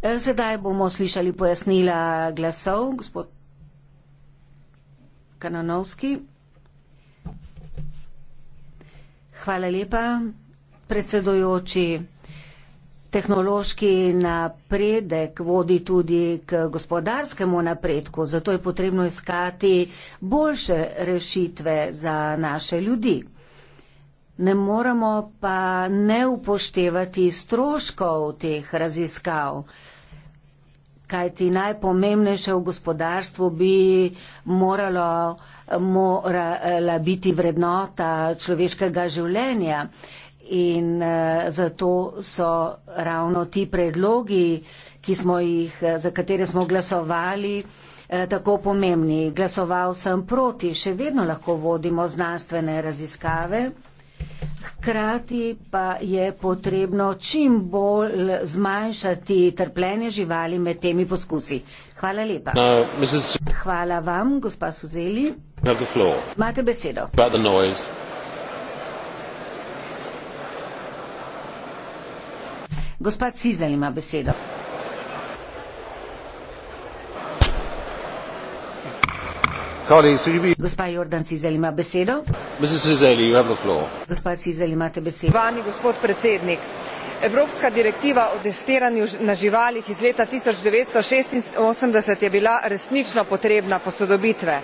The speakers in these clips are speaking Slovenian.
Eh, sedaj bomo slišali pojasnila glasov. Gospod Kananovski. Hvala lepa, predsedojoči. Tehnološki napredek vodi tudi k gospodarskemu napredku, zato je potrebno iskati boljše rešitve za naše ljudi. Ne moremo pa ne upoštevati stroškov teh raziskav. Kaj ti najpomembnejše v gospodarstvu bi moralo, morala biti vrednota človeškega življenja. In eh, zato so ravno ti predlogi, jih, za katere smo glasovali, eh, tako pomembni. Glasoval sem proti, še vedno lahko vodimo znanstvene raziskave. Hkrati pa je potrebno čim bolj zmanjšati trpljenje živali med temi poskusi. Hvala lepa. Now, uh, Mrs... Hvala vam, gospa Suzeli. Imate besedo. Gospod Cizel ima besedo. Gospa Jordan Cizel ima besedo. Cizel, Gospa Cizel imate besedo. Vani, gospod predsednik. Evropska direktiva o testiranju na živalih iz leta 1986 je bila resnično potrebna posodobitve.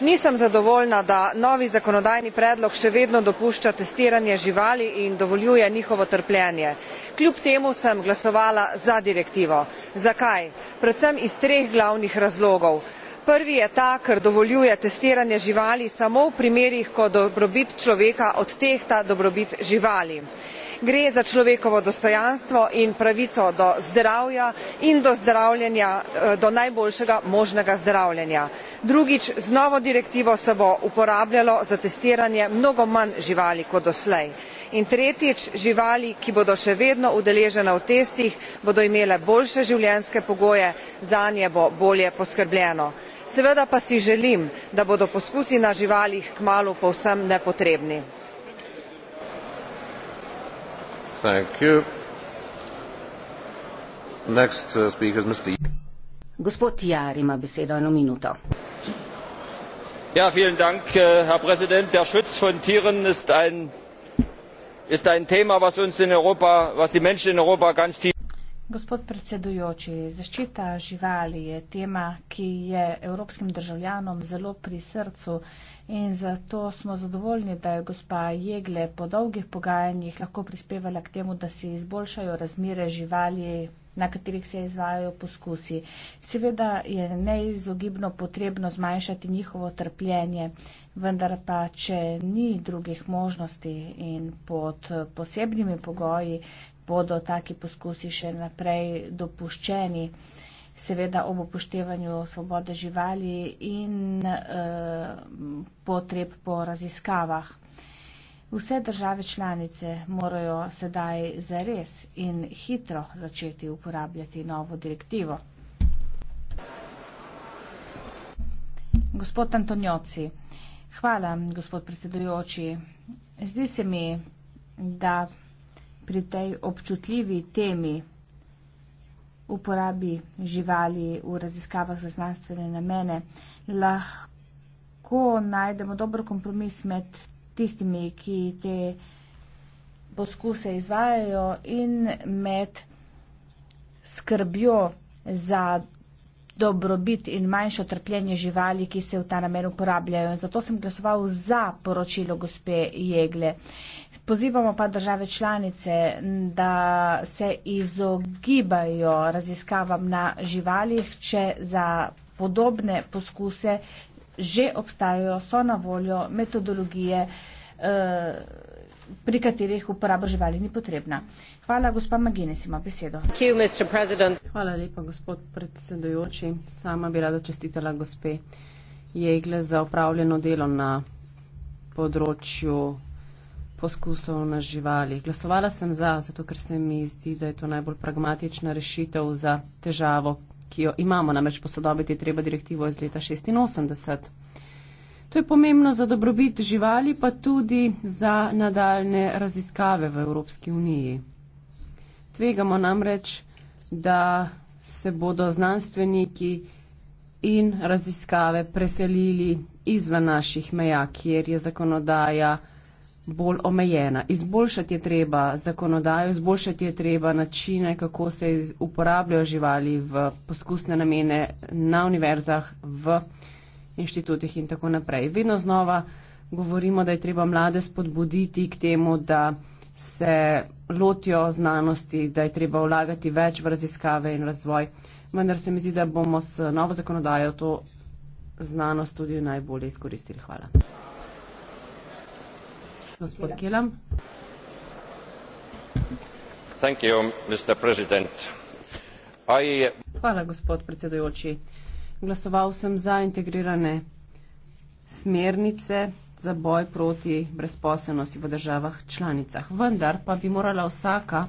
Nisem zadovoljna, da novi zakonodajni predlog še vedno dopušča testiranje živali in dovoljuje njihovo trpljenje. Kljub temu sem glasovala za direktivo. Zakaj? Predvsem iz treh glavnih razlogov prvi je ta ker dovoljuje testiranje živali samo v primerih ko dobrobit človeka odtehta dobrobit živali. gre za človekovo dostojanstvo in pravico do zdravja in do zdravljenja eh, do najboljšega možnega zdravljenja. drugič z novo direktivo se bo uporabljalo za testiranje mnogo manj živali kot doslej. in tretjič živali ki bodo še vedno udeležene v testih bodo imele boljše življenjske pogoje zanje bo bolje poskrbljeno seveda pa si želim da bodo poskusi na živalih kmalu povsem nepotrebni Next, uh, speakers, Mr. Gospod Jar ima besedo eno minuto. Ja, vielen Dank, uh, Herr Präsident. Der Schutz von Tieren ist ein, ist ein Thema, was uns in Europa, was die Menschen in Europa ganz tief Gospod predsedujoči, zaščita živali je tema, ki je evropskim državljanom zelo pri srcu in zato smo zadovoljni, da je gospa Jegle po dolgih pogajanjih lahko prispevala k temu, da se izboljšajo razmire živali na katerih se izvajajo poskusi. Seveda je neizogibno potrebno zmanjšati njihovo trpljenje, vendar pa, če ni drugih možnosti in pod posebnimi pogoji, bodo taki poskusi še naprej dopuščeni, seveda ob upoštevanju svobode živali in eh, potreb po raziskavah. Vse države članice morajo sedaj zares in hitro začeti uporabljati novo direktivo. Gospod Antonioci, hvala, gospod predsedujoči. Zdi se mi, da pri tej občutljivi temi uporabi živali v raziskavah za znanstvene namene, lahko najdemo dober kompromis med tistimi, ki te poskuse izvajajo in med skrbjo za dobrobit in manjšo trpljenje živali, ki se v ta namen uporabljajo. Zato sem glasoval za poročilo gospe Jegle. Pozivamo pa države članice, da se izogibajo raziskavam na živalih, če za podobne poskuse že obstajajo, so na voljo metodologije. Eh, pri katerih uporaba živali ni potrebna. Hvala, gospa Magines, ima besedo. You, Hvala lepa, gospod predsedujoči. Sama bi rada čestitela gospe Jegle za opravljeno delo na področju poskusov na živali. Glasovala sem za, zato ker se mi zdi, da je to najbolj pragmatična rešitev za težavo, ki jo imamo. Namreč posodobiti je treba direktivo iz leta 86. To je pomembno za dobrobit živali, pa tudi za nadaljne raziskave v Evropski uniji. Tvegamo namreč, da se bodo znanstveniki in raziskave preselili izven naših meja, kjer je zakonodaja bolj omejena. Izboljšati je treba zakonodajo, izboljšati je treba načine, kako se uporabljajo živali v poskusne namene na univerzah, v inštitutih in tako naprej. Vedno znova govorimo, da je treba mlade spodbuditi k temu, da se lotijo znanosti, da je treba vlagati več v raziskave in razvoj. Vendar se mi zdi, da bomo s novo zakonodajo to znanost tudi najbolje izkoristili. Hvala. Gospod Kelam. Hvala, gospod predsedujoči glasoval sem za integrirane smernice za boj proti brezposelnosti v državah članicah. Vendar pa bi morala vsaka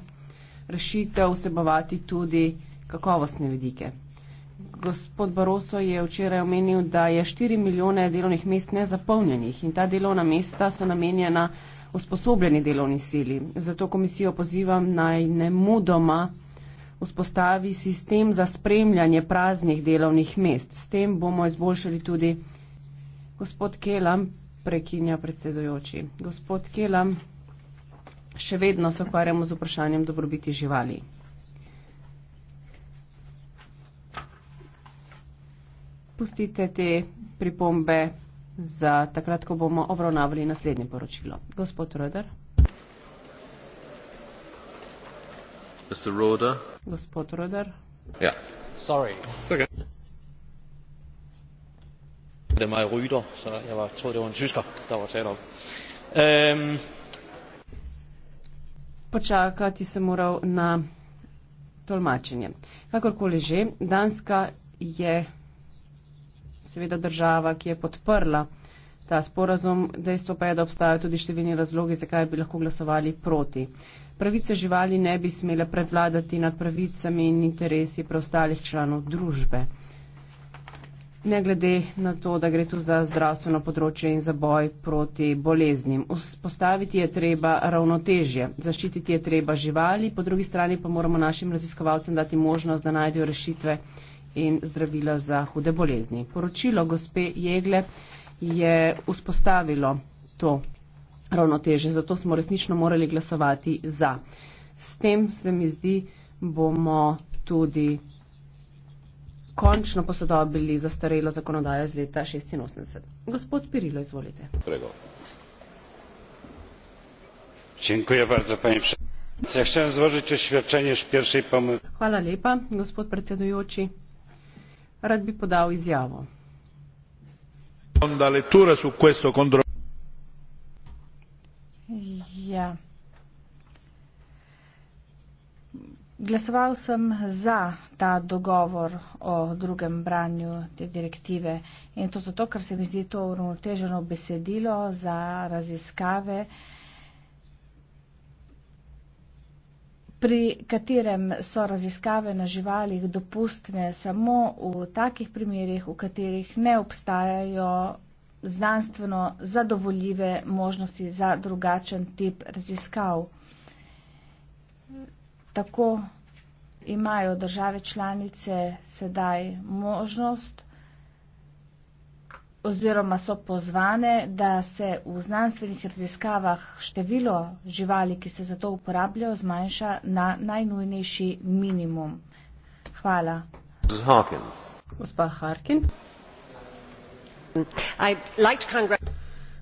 rešitev vsebovati tudi kakovostne vidike. Gospod Baroso je včeraj omenil, da je 4 milijone delovnih mest nezapolnjenih in ta delovna mesta so namenjena usposobljeni delovni sili. Zato komisijo pozivam naj ne mudoma vzpostavi sistem za spremljanje praznih delovnih mest. S tem bomo izboljšali tudi gospod Kelam, prekinja predsedojoči. Gospod Kelam, še vedno se ukvarjamo z vprašanjem dobrobiti živali. Pustite te pripombe za takrat, ko bomo obravnavali naslednje poročilo. Gospod Röder. Mr. Roder. Gospod Roder. Ja. Sorry. Okay. Det er mig Ryder, så jeg var, troede, det var en tysker, der var talt om. Øhm. Počakati se moral na tolmačenje. Kakorkoli že, Danska je seveda država, ki je podprla ta sporazum. Dejstvo pa je, da obstajajo tudi številni razlogi, zakaj bi lahko glasovali proti. Uh, pravice živali ne bi smele prevladati nad pravicami in interesi preostalih članov družbe. Ne glede na to, da gre tu za zdravstveno področje in za boj proti boleznim. Vzpostaviti je treba ravnotežje, zaščititi je treba živali, po drugi strani pa moramo našim raziskovalcem dati možnost, da najdejo rešitve in zdravila za hude bolezni. Poročilo gospe Jegle je vzpostavilo to ravnoteže. Zato smo resnično morali glasovati za. S tem, se mi zdi, bomo tudi končno posodobili zastarelo zakonodajo z leta 86. Gospod Pirilo, izvolite. Prego. Dziękuję bardzo, panie przewodniczący. Ja chciałem złożyć oświadczenie z pierwszej pomocy. Hvala lepa, gospod predsedujoči. Rad bi podal izjavo. Onda lettura su questo contro... Ja. Glasoval sem za ta dogovor o drugem branju te direktive in to zato, ker se mi zdi to uravnoteženo besedilo za raziskave, pri katerem so raziskave na živalih dopustne samo v takih primerjih, v katerih ne obstajajo znanstveno zadovoljive možnosti za drugačen tip raziskav. Tako imajo države članice sedaj možnost oziroma so pozvane, da se v znanstvenih raziskavah število živali, ki se za to uporabljajo, zmanjša na najnujnejši minimum. Hvala. Gospa Harkin.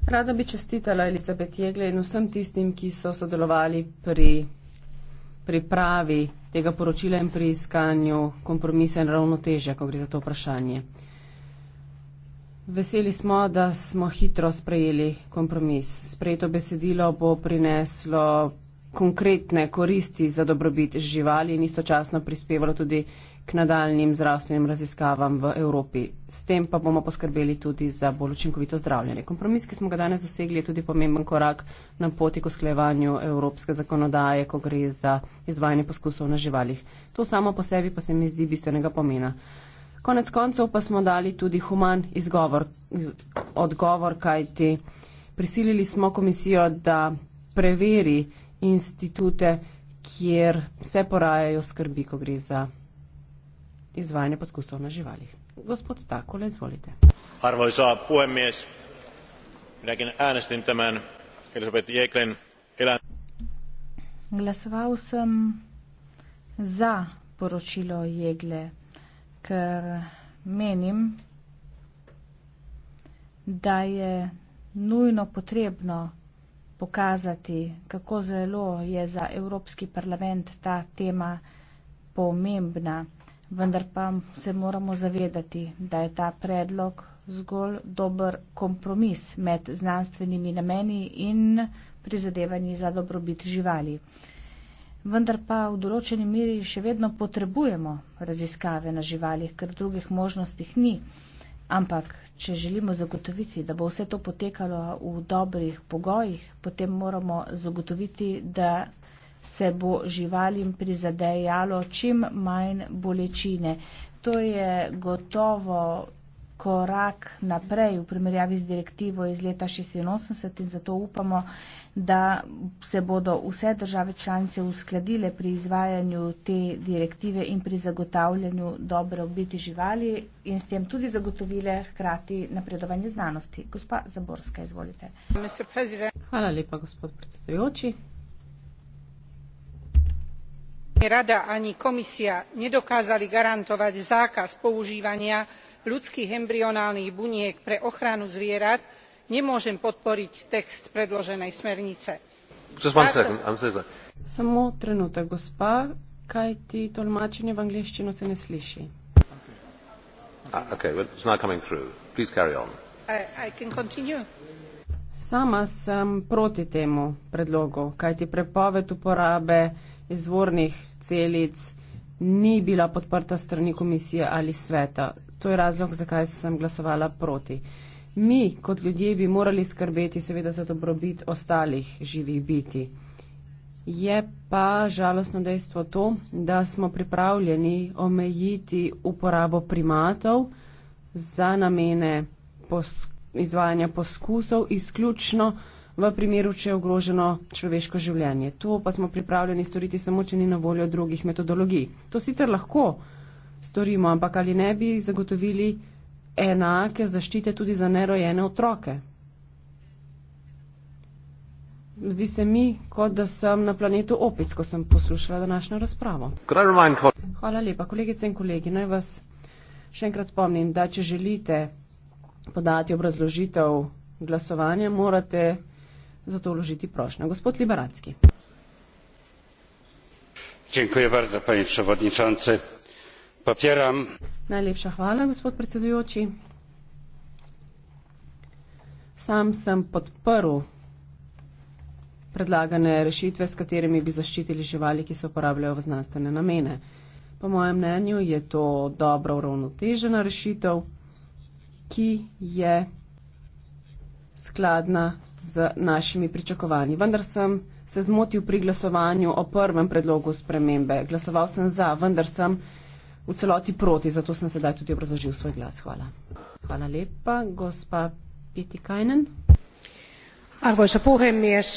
Rada bi čestitala Elizabet Jegle in vsem tistim, ki so sodelovali pri pripravi tega poročila in pri iskanju kompromisa in ravnotežja, ko gre za to vprašanje. Veseli smo, da smo hitro sprejeli kompromis. Sprejeto besedilo bo prineslo konkretne koristi za dobrobit živali in istočasno prispevalo tudi k nadaljnim zdravstvenim raziskavam v Evropi. S tem pa bomo poskrbeli tudi za bolj učinkovito zdravljenje. Kompromis, ki smo ga danes dosegli, je tudi pomemben korak na poti k usklejevanju evropske zakonodaje, ko gre za izvajanje poskusov na živalih. To samo po sebi pa se mi zdi bistvenega pomena. Konec koncev pa smo dali tudi human izgovor, odgovor, kajti prisilili smo komisijo, da preveri institute, kjer se porajajo skrbi, ko gre za izvajanje poskusov na živalih. Gospod Stakole, izvolite. Arvoisa puhemies, minäkin äänestin tämän Elisabeth Jeklen elän... Glasoval sem za poročilo Jegle, ker menim, da je nujno potrebno pokazati, kako zelo je za Evropski parlament ta tema pomembna vendar pa se moramo zavedati, da je ta predlog zgolj dober kompromis med znanstvenimi nameni in prizadevanji za dobrobit živali. Vendar pa v določeni meri še vedno potrebujemo raziskave na živalih, ker drugih možnosti ni. Ampak, če želimo zagotoviti, da bo vse to potekalo v dobrih pogojih, potem moramo zagotoviti, da se bo živalim prizadejalo čim manj bolečine. To je gotovo korak naprej v primerjavi z direktivo iz leta 86 in zato upamo, da se bodo vse države članice uskladile pri izvajanju te direktive in pri zagotavljanju dobre obiti živali in s tem tudi zagotovile hkrati napredovanje znanosti. Gospa Zaborska, izvolite. Hvala lepa, gospod predsedujoči rada ani komisia nedokázali garantovať zákaz používania ľudských embryonálnych buniek pre ochranu zvierat nemôžem podporiť text predloženej smernice. Ah, okay, well, it's not coming through. Please carry on. I, I can continue. Sama sem proti temu predlogu, kajti prepoved uporabe izvornih celic ni bila podprta strani komisije ali sveta. To je razlog, zakaj sem glasovala proti. Mi, kot ljudje, bi morali skrbeti seveda za dobrobit ostalih živih biti. Je pa žalostno dejstvo to, da smo pripravljeni omejiti uporabo primatov za namene pos izvajanja poskusov izključno v primeru, če je ogroženo človeško življenje. To pa smo pripravljeni storiti samo, če ni na voljo drugih metodologij. To sicer lahko storimo, ampak ali ne bi zagotovili enake zaščite tudi za nerojene otroke? Zdi se mi, kot da sem na planetu opic, ko sem poslušala današnjo razpravo. Hvala lepa, kolegice in kolegi. Naj vas še enkrat spomnim, da če želite podati obrazložitev glasovanja, morate za to vložiti prošnjo. Gospod Liberacki. Dziękuję bardzo, panie przewodniczący. Popieram. Najlepša hvala, gospod predsedujoči. Sam sem podprl predlagane rešitve, s katerimi bi zaščitili živali, ki se uporabljajo v znanstvene namene. Po mojem mnenju je to dobro uravnotežena rešitev, ki je skladna z našimi pričakovanji. Vendar sem se zmotil pri glasovanju o prvem predlogu spremembe. Glasoval sem za, vendar sem v celoti proti, zato sem sedaj tudi obrazložil svoj glas. Hvala. Hvala lepa. Gospa Piti Kajnen. Arvoisa puhemies,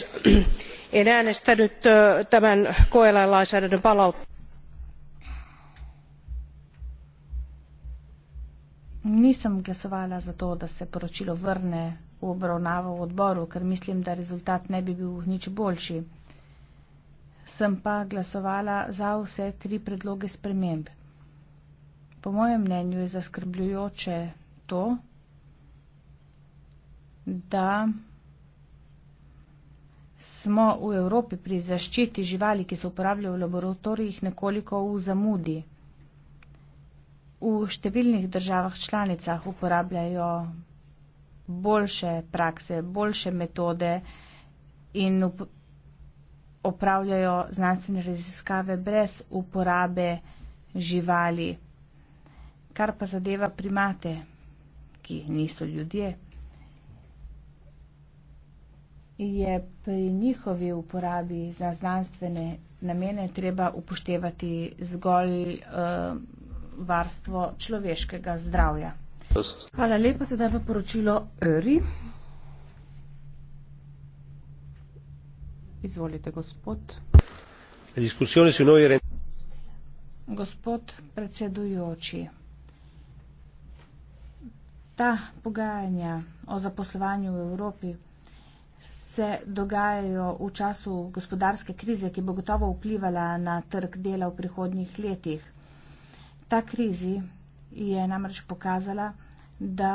en äänestänyt tämän koeläinlainsäädännön palautta. Nisam glasovala za to, da se poročilo vrne v obravnavo v odboru, ker mislim, da rezultat ne bi bil nič boljši. Sem pa glasovala za vse tri predloge sprememb. Po mojem mnenju je zaskrbljujoče to, da smo v Evropi pri zaščiti živali, ki se uporabljajo v laboratorijih, nekoliko v zamudi. V številnih državah članicah uporabljajo boljše prakse, boljše metode in opravljajo znanstvene raziskave brez uporabe živali. Kar pa zadeva primate, ki niso ljudje, je pri njihovi uporabi za znanstvene namene treba upoštevati zgolj uh, varstvo človeškega zdravja. Hvala lepa, sedaj pa poročilo Öri. Izvolite, gospod. Gospod predsedujoči, ta pogajanja o zaposlovanju v Evropi se dogajajo v času gospodarske krize, ki bo gotovo vplivala na trg dela v prihodnjih letih. Ta krizi je namreč pokazala, da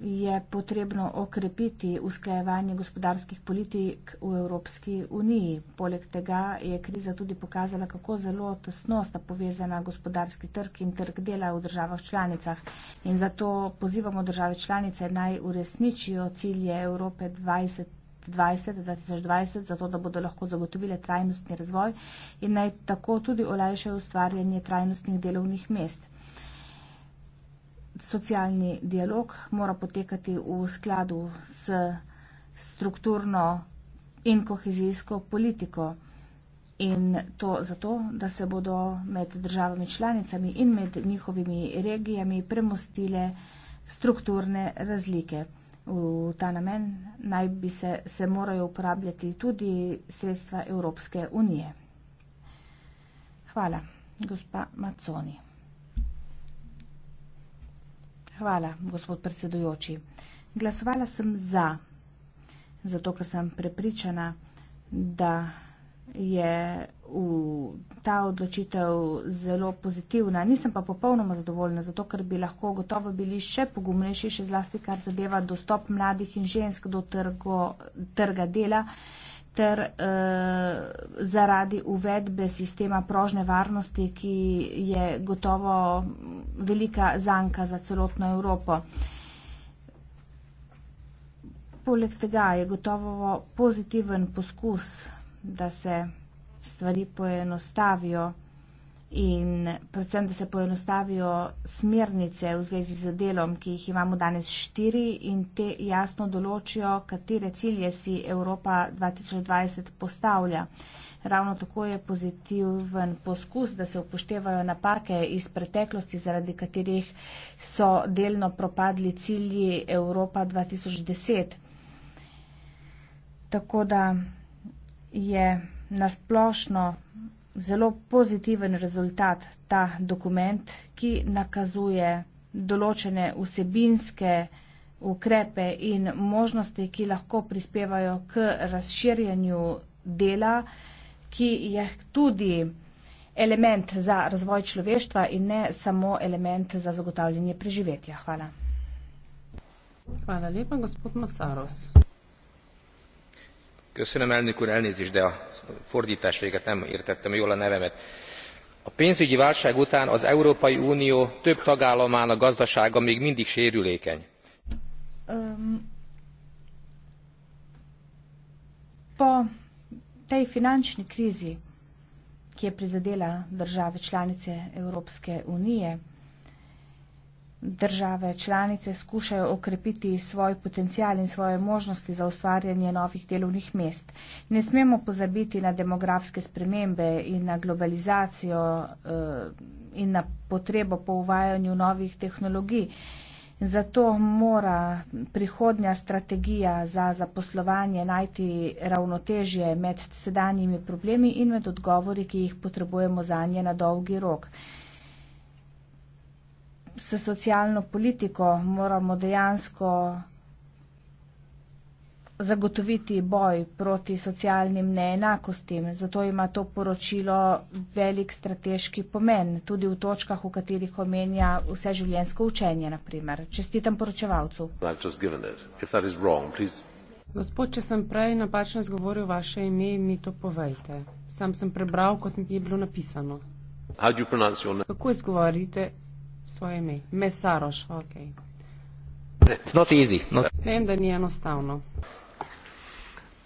je potrebno okrepiti usklajevanje gospodarskih politik v Evropski uniji. Poleg tega je kriza tudi pokazala, kako zelo tesno sta povezana gospodarski trg in trg dela v državah članicah. In zato pozivamo države članice naj uresničijo cilje Evrope 20. 2020, 2020, zato da bodo lahko zagotovile trajnostni razvoj in naj tako tudi olajšajo ustvarjanje trajnostnih delovnih mest. Uh, socialni dialog mora potekati v skladu s strukturno in kohezijsko politiko. In to zato, da se bodo med državami članicami in med njihovimi regijami premostile strukturne razlike. V ta namen naj bi se, se morajo uporabljati tudi sredstva Evropske unije. Hvala, gospa Maconi. Hvala, gospod predsedujoči. Glasovala sem za, zato ker sem prepričana, da je v ta odločitev zelo pozitivna. Nisem pa popolnoma zadovoljna, zato ker bi lahko gotovo bili še pogumnejši, še zlasti kar zadeva dostop mladih in žensk do trgo, trga dela. Uh, ter eh, zaradi uvedbe sistema prožne varnosti, ki je gotovo velika zanka za celotno Evropo. Poleg tega je gotovo pozitiven poskus, da se stvari poenostavijo in predvsem, da se poenostavijo smernice v zvezi z delom, ki jih imamo danes štiri in te jasno določijo, katere cilje si Evropa 2020 postavlja. Ravno tako je pozitiven poskus, da se upoštevajo napake iz preteklosti, zaradi katerih so delno propadli cilji Evropa 2010. Tako da je nasplošno zelo pozitiven rezultat ta dokument, ki nakazuje določene vsebinske ukrepe in možnosti, ki lahko prispevajo k razširjanju dela, ki je tudi element za razvoj človeštva in ne samo element za zagotavljanje preživetja. Hvala. Hvala lepa, gospod Masaros a pénzügyi válság után az európai unió több tagállamának gazdasága még mindig sérülékeny. po tej finančni krizi ki je prizadela države članice evropske unije države članice skušajo okrepiti svoj potencial in svoje možnosti za ustvarjanje novih delovnih mest. Ne smemo pozabiti na demografske spremembe in na globalizacijo eh, in na potrebo po uvajanju novih tehnologij. Zato mora prihodnja strategija za zaposlovanje najti ravnotežje med sedanjimi problemi in med odgovori, ki jih potrebujemo zanje na dolgi rok s socialno politiko moramo dejansko zagotoviti boj proti socialnim neenakostim. Zato ima to poročilo velik strateški pomen, tudi v točkah, v katerih omenja vse življensko učenje, naprimer. Čestitam poročevalcu. Gospod, če sem prej napačno izgovoril vaše ime, mi to povejte. Sam sem prebral, kot je bilo napisano. Kako izgovorite svoje ime. Mesaroš, ok. It's not easy. Not... Vem, da ni enostavno.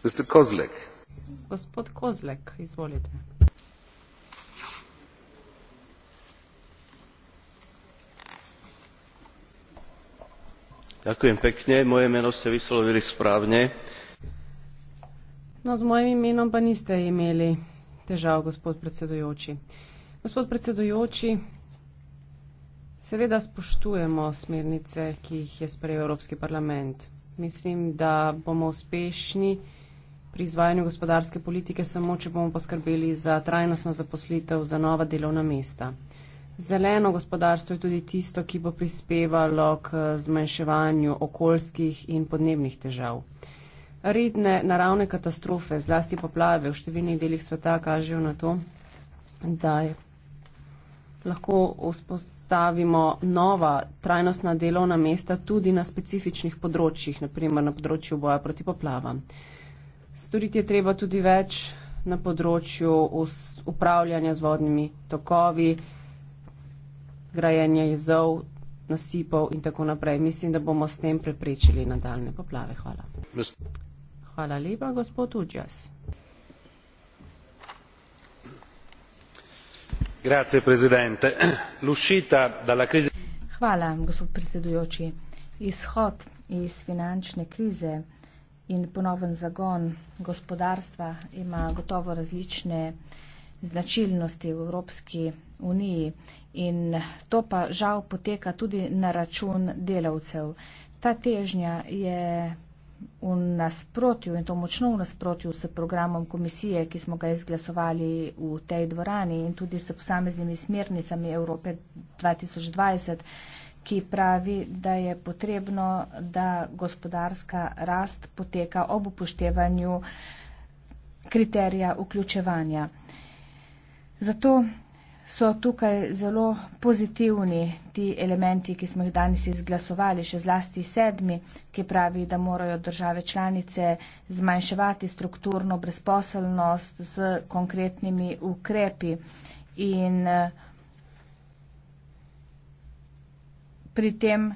Mr. Kozlek. Gospod Kozlek, izvolite. Ďakujem pekne, moje meno ste vyslovili správne. No s mojim imenom pa niste imeli težav, gospod predsedujoči. Gospod predsedujoči, Seveda spoštujemo smernice, ki jih je sprejel Evropski parlament. Mislim, da bomo uspešni pri izvajanju gospodarske politike samo, če bomo poskrbeli za trajnostno zaposlitev za nova delovna mesta. Zeleno gospodarstvo je tudi tisto, ki bo prispevalo k zmanjševanju okoljskih in podnebnih težav. Redne naravne katastrofe, zlasti poplave v številnih delih sveta, kažejo na to, da je lahko vzpostavimo nova trajnostna delovna mesta tudi na specifičnih področjih, naprimer na področju boja proti poplavam. Storiti je treba tudi več na področju upravljanja z vodnimi tokovi, grajenja jezov, nasipov in tako naprej. Mislim, da bomo s tem preprečili nadaljne poplave. Hvala. Hvala lepa, gospod Uđas. izhod iz finančne krize in ponoven zagon gospodarstva ima gotovo različne značilnosti v Evropski uniji in to pa žal poteka tudi na račun delavcev. Ta težnja je v nasprotju in to močno v nasprotju s programom komisije, ki smo ga izglasovali v tej dvorani in tudi s posameznimi smernicami Evrope 2020, ki pravi, da je potrebno, da gospodarska rast poteka ob upoštevanju kriterija vključevanja. Zato so tukaj zelo pozitivni ti elementi, ki smo jih danes izglasovali, še zlasti sedmi, ki pravi, da morajo države članice zmanjševati strukturno brezposelnost z konkretnimi ukrepi in eh, pri tem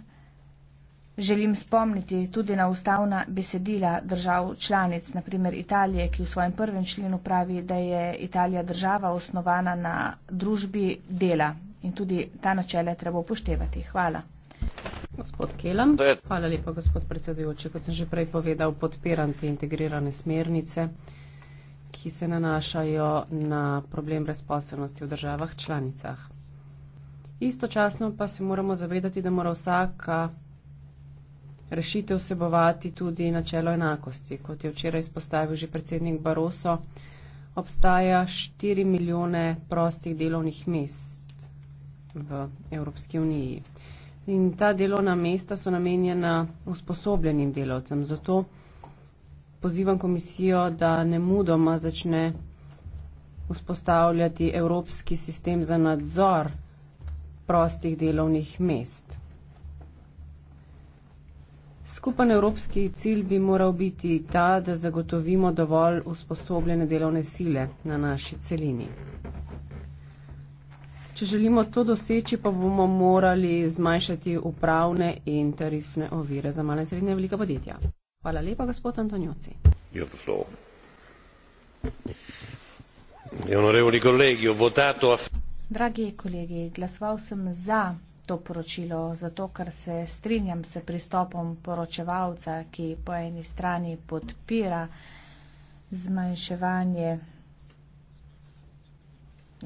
Želim spomniti tudi na ustavna besedila držav članic, naprimer Italije, ki v svojem prvem členu pravi, da je Italija država osnovana na družbi dela. In tudi ta načela treba upoštevati. Hvala. Gospod Kelam. Hvala lepa, gospod predsedujoči. Kot sem že prej povedal, podpiram te integrirane smernice, ki se nanašajo na problem razposobnosti v državah članicah. Istočasno pa se moramo zavedati, da mora vsaka rešitev vsebovati tudi načelo enakosti. Kot je včeraj izpostavil že predsednik Baroso, obstaja 4 milijone prostih delovnih mest v Evropski uniji. In ta delovna mesta so namenjena usposobljenim delavcem. Zato pozivam komisijo, da ne mudoma začne vzpostavljati evropski sistem za nadzor prostih delovnih mest. Skupen evropski cilj bi moral biti ta, da zagotovimo dovolj usposobljene delovne sile na naši celini. Če želimo to doseči, pa bomo morali zmanjšati upravne in tarifne ovire za male in srednje velika podjetja. Hvala lepa, gospod Antonioci. Dragi kolegi, glasoval sem za to poročilo, zato ker se strinjam s pristopom poročevalca, ki po eni strani podpira zmanjševanje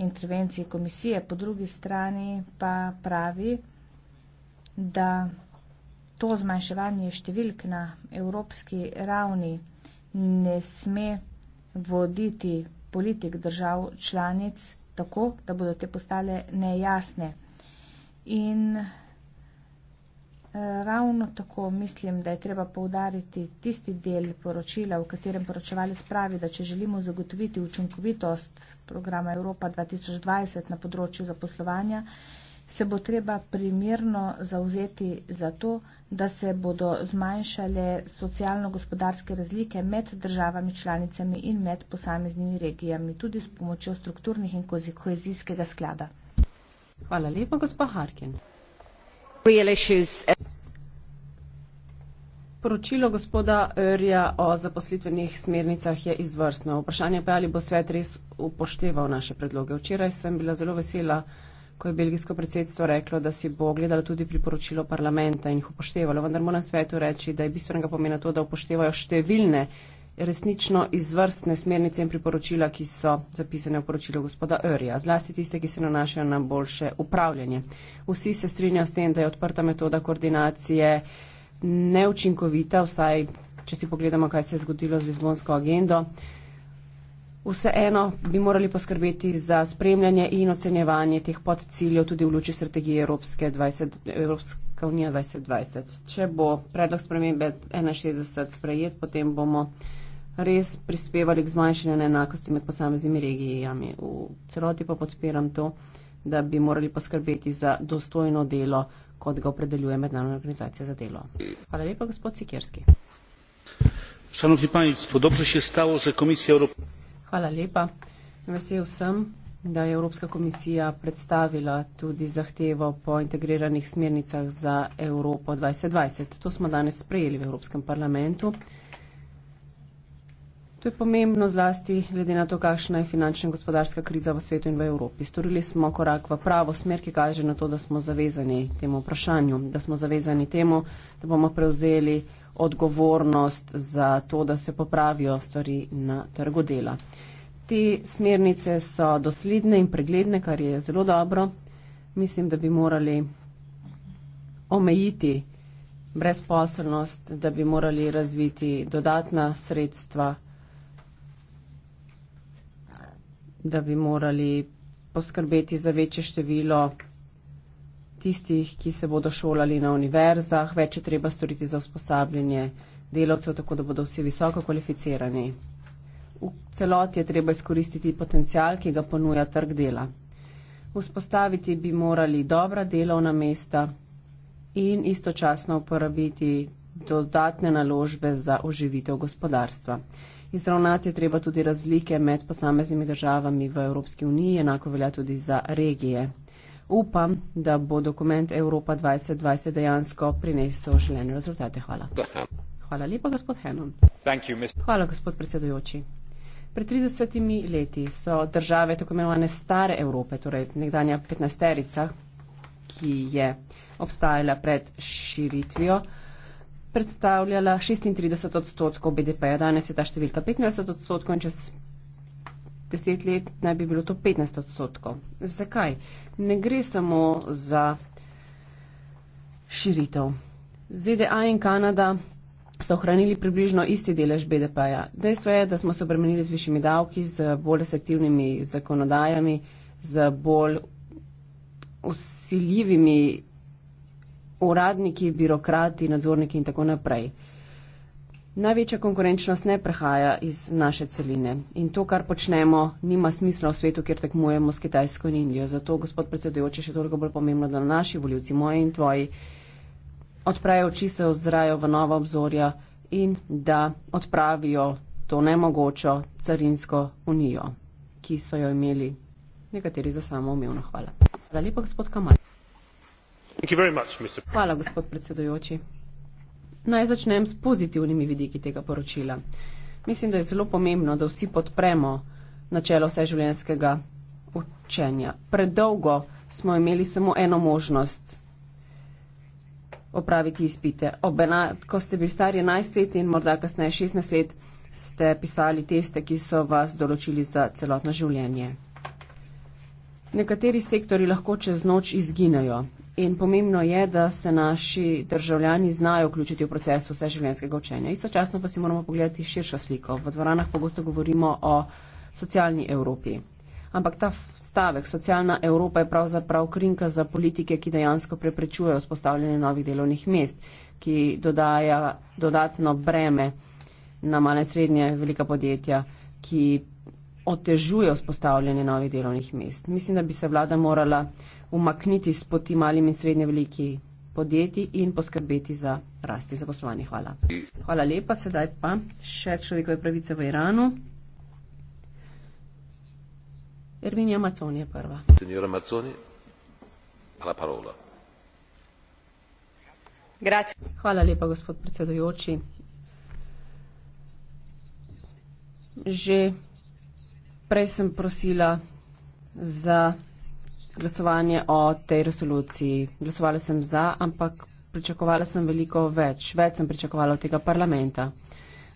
intervencije komisije, po drugi strani pa pravi, da to zmanjševanje številk na evropski ravni ne sme voditi politik držav članic tako, da bodo te postale nejasne. In eh, ravno tako mislim, da je treba povdariti tisti del poročila, v katerem poročevalec pravi, da če želimo zagotoviti učinkovitost programa Evropa 2020 na področju zaposlovanja, se bo treba primirno zauzeti za to, da se bodo zmanjšale socialno-gospodarske razlike med državami članicami in med posameznimi regijami, tudi s pomočjo strukturnih in kohezijskega sklada. Hvala lepa, gospa Harkin. Poročilo gospoda Örja o zaposlitvenih smernicah je izvrstno. Vprašanje pa je, ali bo svet res upošteval naše predloge. Včeraj sem bila zelo vesela, ko je belgijsko predsedstvo reklo, da si bo gledalo tudi priporočilo parlamenta in jih upoštevalo. Vendar moram svetu reči, da je bistvenega pomena to, da upoštevajo številne resnično izvrstne smernice in priporočila, ki so zapisane v poročilu gospoda Örja, zlasti tiste, ki se nanašajo na boljše upravljanje. Vsi se strinjajo s tem, da je odprta metoda koordinacije neučinkovita, vsaj če si pogledamo, kaj se je zgodilo z Lizbonsko agendo. Vseeno bi morali poskrbeti za spremljanje in ocenjevanje teh podciljev tudi v luči strategije Evropske 20, Evropska unija 2020. Če bo predlog spremembe 61 sprejet, potem bomo res prispevali k zmanjšanju neenakosti med posameznimi regijami. V celoti pa podpiram to, da bi morali poskrbeti za dostojno delo, kot ga opredeljuje Mednarodna organizacija za delo. Hvala lepa, gospod Sikerski. Šanovni panic, podobno se je stalo, že Komisija Evropa. Hvala lepa. Vesel sem, da je Evropska komisija predstavila tudi zahtevo po integriranih smernicah za Evropo 2020. To smo danes sprejeli v Evropskem parlamentu. To je pomembno zlasti glede na to, kakšna je finančna in gospodarska kriza v svetu in v Evropi. Storili smo korak v pravo smer, ki kaže na to, da smo zavezani temu vprašanju, da smo zavezani temu, da bomo prevzeli odgovornost za to, da se popravijo stvari na trgu dela. Te smernice so dosledne in pregledne, kar je zelo dobro. Mislim, da bi morali omejiti brezposelnost, da bi morali razviti dodatna sredstva, da bi morali poskrbeti za večje število tistih, ki se bodo šolali na univerzah, več je treba storiti za usposabljanje delavcev, tako da bodo vsi visoko kvalificirani. V celoti je treba izkoristiti potencial, ki ga ponuja trg dela. Vzpostaviti bi morali dobra delovna mesta in istočasno uporabiti dodatne naložbe za oživitev gospodarstva. Izravnati je treba tudi razlike med posameznimi državami v Evropski uniji, enako velja tudi za regije. Upam, da bo dokument Evropa 2020 dejansko prinesel želene rezultate. Hvala. Hvala lepa, gospod Henon. You, Hvala, gospod predsedujoči. Pred 30 leti so države tako imenovane stare Evrope, torej nekdanja 15-terica, ki je obstajala pred širitvijo, predstavljala 36 odstotkov BDP-ja, danes je ta številka 15 odstotkov in čez deset let naj bi bilo to 15 odstotkov. Zakaj? Ne gre samo za širitev. ZDA in Kanada so ohranili približno isti delež BDP-ja. Dejstvo je, da smo se obremenili z višjimi davki, z bolj restriktivnimi zakonodajami, z bolj usiljivimi uradniki, birokrati, nadzorniki in tako naprej. Največja konkurenčnost ne prehaja iz naše celine in to, kar počnemo, nima smisla v svetu, kjer tekmujemo s Kitajsko in Indijo. Zato, gospod predsedujoči, je še toliko bolj pomembno, da naši voljivci, moji in tvoji, odprejo oči, se ozrajo v nova obzorja in da odpravijo to nemogočo carinsko unijo, ki so jo imeli nekateri za samo umevno. Hvala. Hvala lepa, gospod Kamalic. Hvala, gospod predsedujoči. Naj začnem s pozitivnimi vidiki tega poročila. Mislim, da je zelo pomembno, da vsi podpremo načelo vseživljenjskega učenja. Predolgo smo imeli samo eno možnost opraviti izpite. Ob ena, ko ste bili stari 11 let in morda kasneje 16 let, ste pisali teste, ki so vas določili za celotno življenje. Nekateri sektori lahko čez noč izginejo in pomembno je, da se naši državljani znajo vključiti v proces vseživljenjskega učenja. Istočasno pa si moramo pogledati širšo sliko. V dvoranah pogosto govorimo o socialni Evropi. Ampak ta stavek, socialna Evropa je pravzaprav krinka za politike, ki dejansko preprečujejo spostavljanje novih delovnih mest, ki dodaja dodatno breme na male srednje velika podjetja, ki otežuje vzpostavljanje novih delovnih mest. Mislim, da bi se vlada morala umakniti s poti malim in srednje veliki podjetij in poskrbeti za rasti zaposlovanja. Hvala. Hvala lepa, sedaj pa še človekove pravice v Iranu. Erminja Maconi je prva. Senjora Maconi, la parola. Grazie. Hvala lepa, gospod predsedujoči. Že prej sem prosila za glasovanje o tej resoluciji. Glasovala sem za, ampak pričakovala sem veliko več. Več sem pričakovala od tega parlamenta.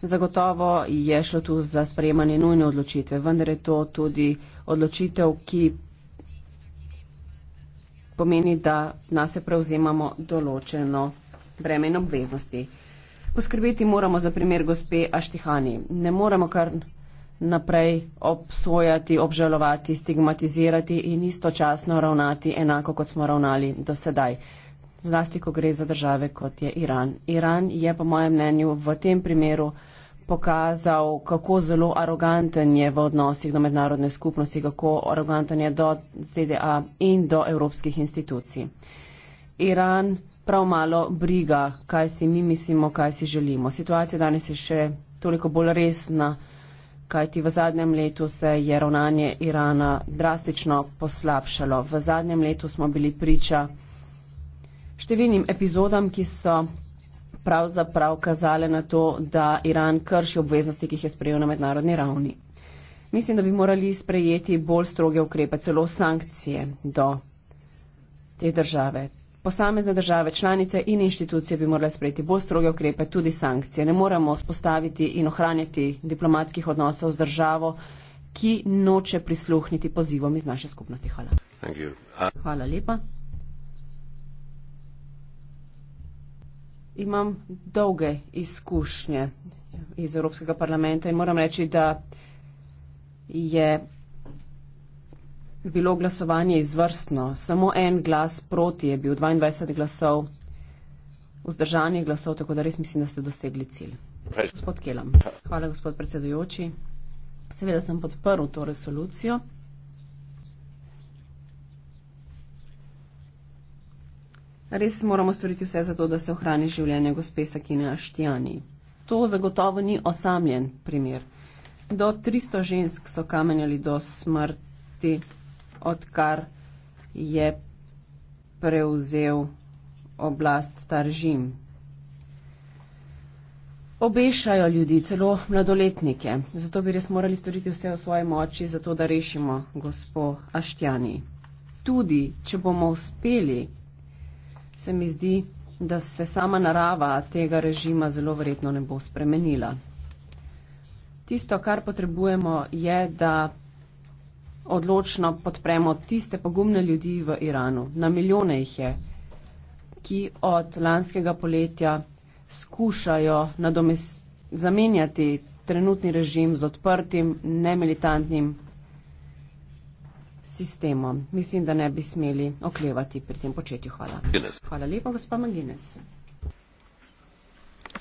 Zagotovo je šlo tu za sprejemanje nujne odločitve, vendar je to tudi odločitev, ki pomeni, da nas je prevzemamo določeno breme in obveznosti. Poskrbeti moramo za primer gospe Aštihani. Ne moremo kar naprej obsojati, obžalovati, stigmatizirati in istočasno ravnati enako, kot smo ravnali do sedaj. Zlasti, ko gre za države, kot je Iran. Iran je, po mojem mnenju, v tem primeru pokazal, kako zelo aroganten je v odnosih do mednarodne skupnosti, kako aroganten je do ZDA in do evropskih institucij. Iran prav malo briga, kaj si mi mislimo, kaj si želimo. Situacija danes je še toliko bolj resna, kajti v zadnjem letu se je ravnanje Irana drastično poslabšalo. V zadnjem letu smo bili priča številnim epizodam, ki so pravzaprav kazale na to, da Iran krši obveznosti, ki jih je sprejel na mednarodni ravni. Mislim, da bi morali sprejeti bolj stroge ukrepe, celo sankcije do te države posamezne države članice in inštitucije bi morale sprejeti bolj stroge ukrepe, tudi sankcije. Ne moramo spostaviti in ohranjati diplomatskih odnosov z državo, ki noče prisluhniti pozivom iz naše skupnosti. Hvala. Hvala lepa. Imam dolge izkušnje iz Evropskega parlamenta in moram reči, da je bilo glasovanje izvrstno. Samo en glas proti je bil 22 glasov, vzdržanih glasov, tako da res mislim, da ste dosegli cilj. Gospod Kelam. Hvala, gospod predsedujoči. Seveda sem podprl to resolucijo. Res moramo storiti vse za to, da se ohrani življenje gospe Sakine Aštijani. To zagotovo ni osamljen primer. Do 300 žensk so kamenjali do smrti odkar je prevzel oblast ta režim. Obešajo ljudi, celo mladoletnike, zato bi res morali storiti vse v svoji moči, zato da rešimo gospo Aštjani. Tudi, če bomo uspeli, se mi zdi, da se sama narava tega režima zelo verjetno ne bo spremenila. Tisto, kar potrebujemo, je, da odločno podpremo tiste pogumne ljudi v Iranu. Na milijone jih je, ki od lanskega poletja skušajo zamenjati trenutni režim z odprtim, nemilitantnim sistemom. Mislim, da ne bi smeli oklevati pri tem početju. Hvala. Hvala lepa, gospa Maginez.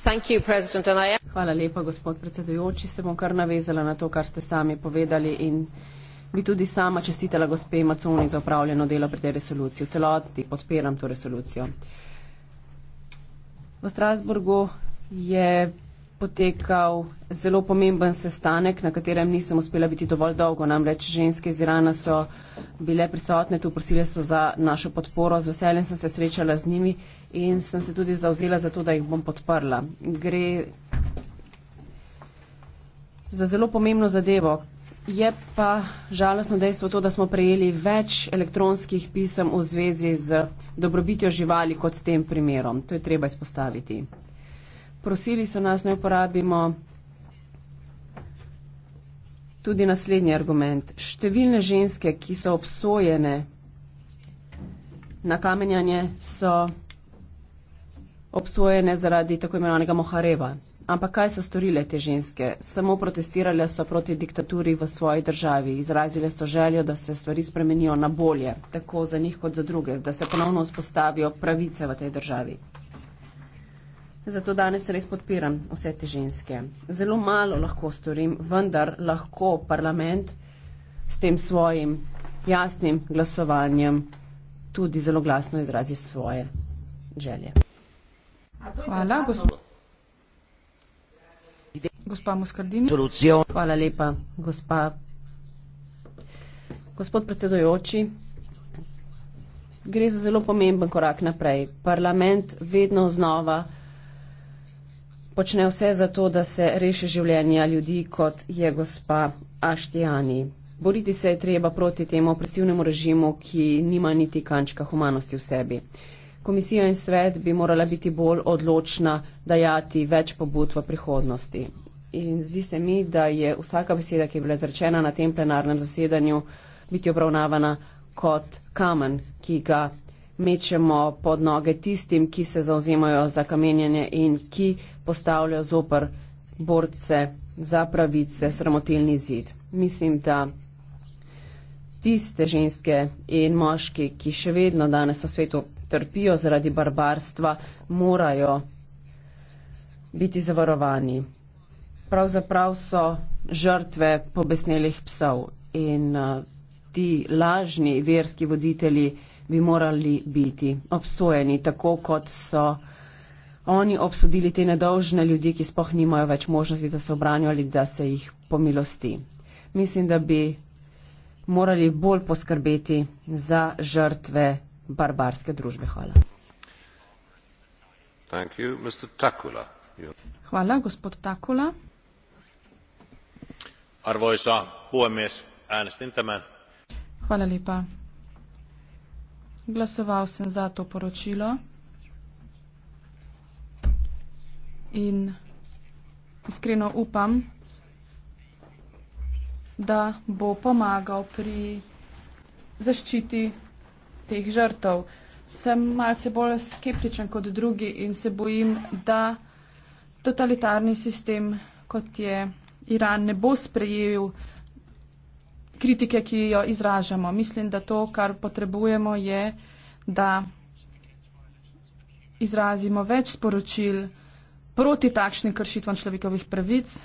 You, Hvala lepa, gospod predsedujoči. Se bom kar navezala na to, kar ste sami povedali in bi tudi sama čestitala gospe Maconi za upravljeno delo pri tej resoluciji. V celoti podpiram to resolucijo. V Strasburgu je potekal zelo pomemben sestanek, na katerem nisem uspela biti dovolj dolgo. Namreč ženske iz Irana so bile prisotne, tu prosile so za našo podporo, z veseljem sem se srečala z njimi in sem se tudi zauzela za to, da jih bom podprla. Gre za zelo pomembno zadevo, Je pa žalostno dejstvo to, da smo prejeli več elektronskih pisem v zvezi z dobrobitjo živali kot s tem primerom. To je treba izpostaviti. Prosili so nas, ne uporabimo tudi naslednji argument. Številne ženske, ki so obsojene na kamenjanje, so obsojene zaradi tako imenovanega mohareva. Ampak kaj so storile te ženske? Samo protestirale so proti diktaturi v svoji državi, izrazile so željo, da se stvari spremenijo na bolje, tako za njih kot za druge, da se ponovno vzpostavijo pravice v tej državi. Zato danes res podpiram vse te ženske. Zelo malo lahko storim, vendar lahko parlament s tem svojim jasnim glasovanjem tudi zelo glasno izrazi svoje želje. Hvala, gospod. Gospa Moskardini. Introducijo. Hvala lepa, gospa. Gospod predsedojoči, gre za zelo pomemben korak naprej. Parlament vedno znova počne vse za to, da se reši življenja ljudi, kot je gospa Aštijani. Boriti se je treba proti temu opresivnemu režimu, ki nima niti kančka humanosti v sebi. Komisija in svet bi morala biti bolj odločna dajati več pobud v prihodnosti. In zdi se mi, da je vsaka beseda, ki je bila izrečena na tem plenarnem zasedanju, biti obravnavana kot kamen, ki ga mečemo pod noge tistim, ki se zauzemajo za kamenjanje in ki postavljajo zopr borce za pravice sramotilni zid. Mislim, da tiste ženske in moški, ki še vedno danes v svetu trpijo zaradi barbarstva, morajo biti zavarovani pravzaprav so žrtve pobesnelih psov in eh, ti lažni verski voditelji bi morali biti obsojeni, tako kot so oni obsodili te nedolžne ljudi, ki sploh nimajo več možnosti, da se obranijo ali da se jih pomilosti. Mislim, da bi morali bolj poskrbeti za žrtve barbarske družbe. Hvala. Hvala, gospod Takula arvoisa puhemies äänestin tämän in iskreno upam, da bo pomagal pri zaščiti teh žrtov. Sem malce bolj skeptičen kot drugi in se bojim, da totalitarni sistem, kot je Iran ne bo sprejel kritike, ki jo izražamo. Mislim, da to, kar potrebujemo, je, da izrazimo več sporočil proti takšnim kršitvam človekovih pravic,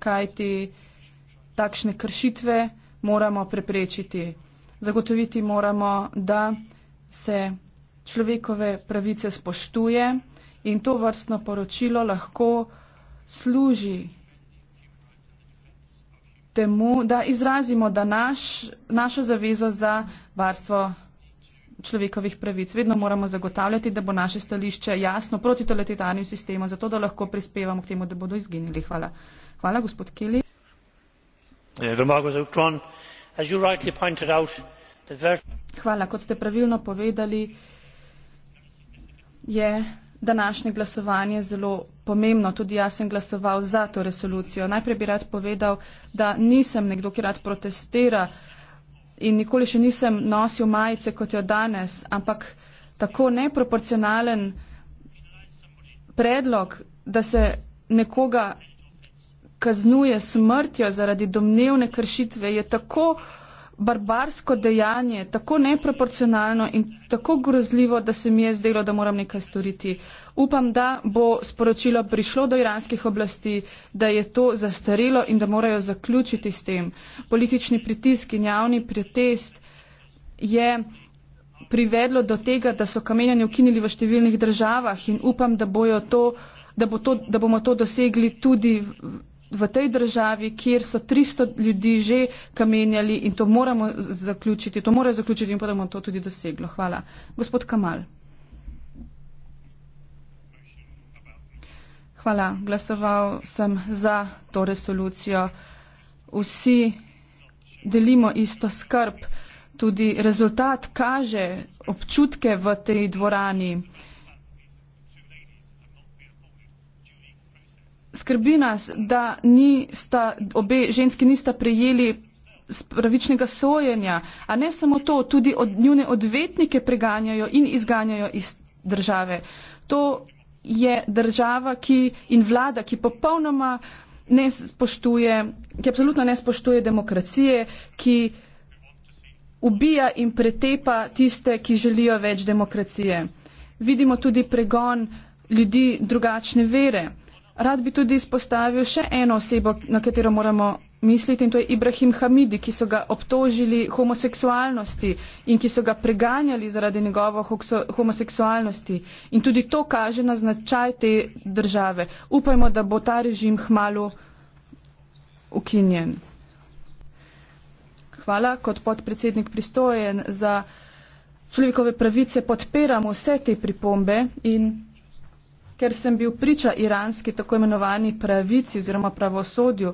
kajti takšne kršitve moramo preprečiti. Zagotoviti moramo, da se človekove pravice spoštuje in to vrstno poročilo lahko služi temu, da izrazimo današ, našo zavezo za varstvo človekovih pravic. Vedno moramo zagotavljati, da bo naše stališče jasno proti totalitarnim sistemom, zato da lahko prispevamo k temu, da bodo izginili. Hvala. Hvala, gospod Kelly. Ja, Hvala, kot ste pravilno povedali, je današnje glasovanje zelo pomembno. Tudi jaz sem glasoval za to resolucijo. Najprej bi rad povedal, da nisem nekdo, ki rad protestira in nikoli še nisem nosil majice, kot jo danes, ampak tako neproporcionalen predlog, da se nekoga kaznuje smrtjo zaradi domnevne kršitve, je tako barbarsko dejanje, tako neproporcionalno in tako grozljivo, da se mi je zdelo, da moram nekaj storiti. Upam, da bo sporočilo prišlo do iranskih oblasti, da je to zastarelo in da morajo zaključiti s tem. Politični pritisk in javni protest je privedlo do tega, da so kamenjanje ukinili v številnih državah in upam, da, to, da, bo to, da bomo to dosegli tudi v tej državi, kjer so 300 ljudi že kamenjali in to moramo zaključiti, to mora zaključiti in potem bomo to tudi doseglo. Hvala. Gospod Kamal. Hvala. Glasoval sem za to resolucijo. Vsi delimo isto skrb. Tudi rezultat kaže občutke v tej dvorani. skrbi nas, da nista, obe ženski nista prejeli pravičnega sojenja. A ne samo to, tudi od njune odvetnike preganjajo in izganjajo iz države. To je država ki, in vlada, ki popolnoma ne spoštuje, ki apsolutno ne spoštuje demokracije, ki ubija in pretepa tiste, ki želijo več demokracije. Vidimo tudi pregon ljudi drugačne vere. Rad bi tudi izpostavil še eno osebo, na katero moramo misliti, in to je Ibrahim Hamidi, ki so ga obtožili homoseksualnosti in ki so ga preganjali zaradi njegove homoseksualnosti. In tudi to kaže na značaj te države. Upajmo, da bo ta režim hmalo ukinjen. Hvala kot podpredsednik pristojen za človekove pravice. Podpiramo vse te pripombe in ker sem bil priča iranski tako imenovani pravici oziroma pravosodju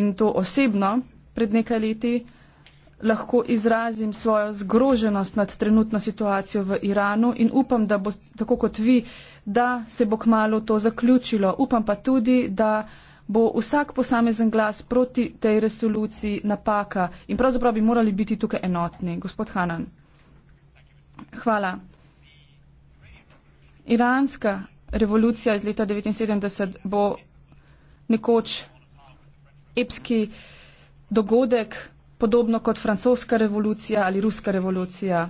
in to osebno pred nekaj leti, lahko izrazim svojo zgroženost nad trenutno situacijo v Iranu in upam, da bo tako kot vi, da se bo kmalo to zaključilo. Upam pa tudi, da bo vsak posamezen glas proti tej resoluciji napaka in pravzaprav bi morali biti tukaj enotni. Gospod Hanan. Hvala. Iranska revolucija iz leta 1979 bo nekoč epski dogodek, podobno kot francoska revolucija ali ruska revolucija.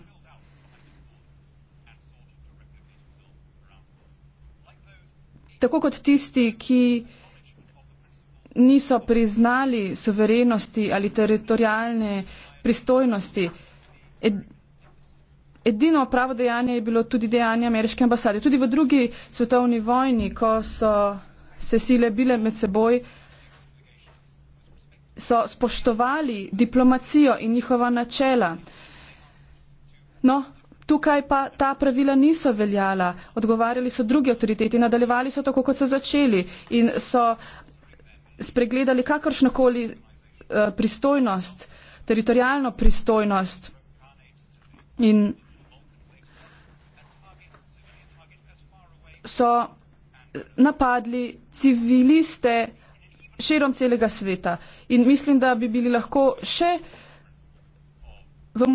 Tako kot tisti, ki niso priznali suverenosti ali teritorijalne pristojnosti, edino pravo dejanje je bilo tudi dejanje ameriške ambasade. Tudi v drugi svetovni vojni, ko so se sile bile med seboj, so spoštovali diplomacijo in njihova načela. No, tukaj pa ta pravila niso veljala. Odgovarjali so drugi avtoriteti, nadaljevali so tako, kot so začeli in so spregledali kakršnokoli eh, pristojnost, teritorijalno pristojnost. In so napadli civiliste širom celega sveta. In mislim, da bi bili lahko še, v,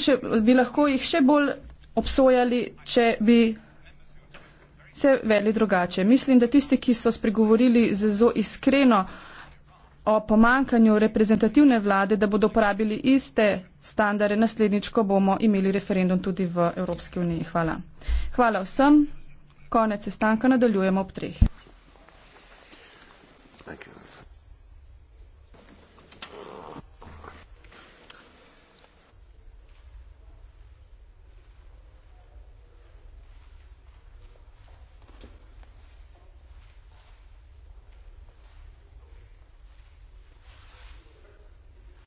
še, bi lahko jih še bolj obsojali, če bi se veli drugače. Mislim, da tisti, ki so spregovorili zelo iskreno o pomankanju reprezentativne vlade, da bodo uporabili iste standarde naslednjič, ko bomo imeli referendum tudi v Evropski uniji. Hvala. Hvala vsem. Konec sestanka nadaljujemo ob treh. Thank you.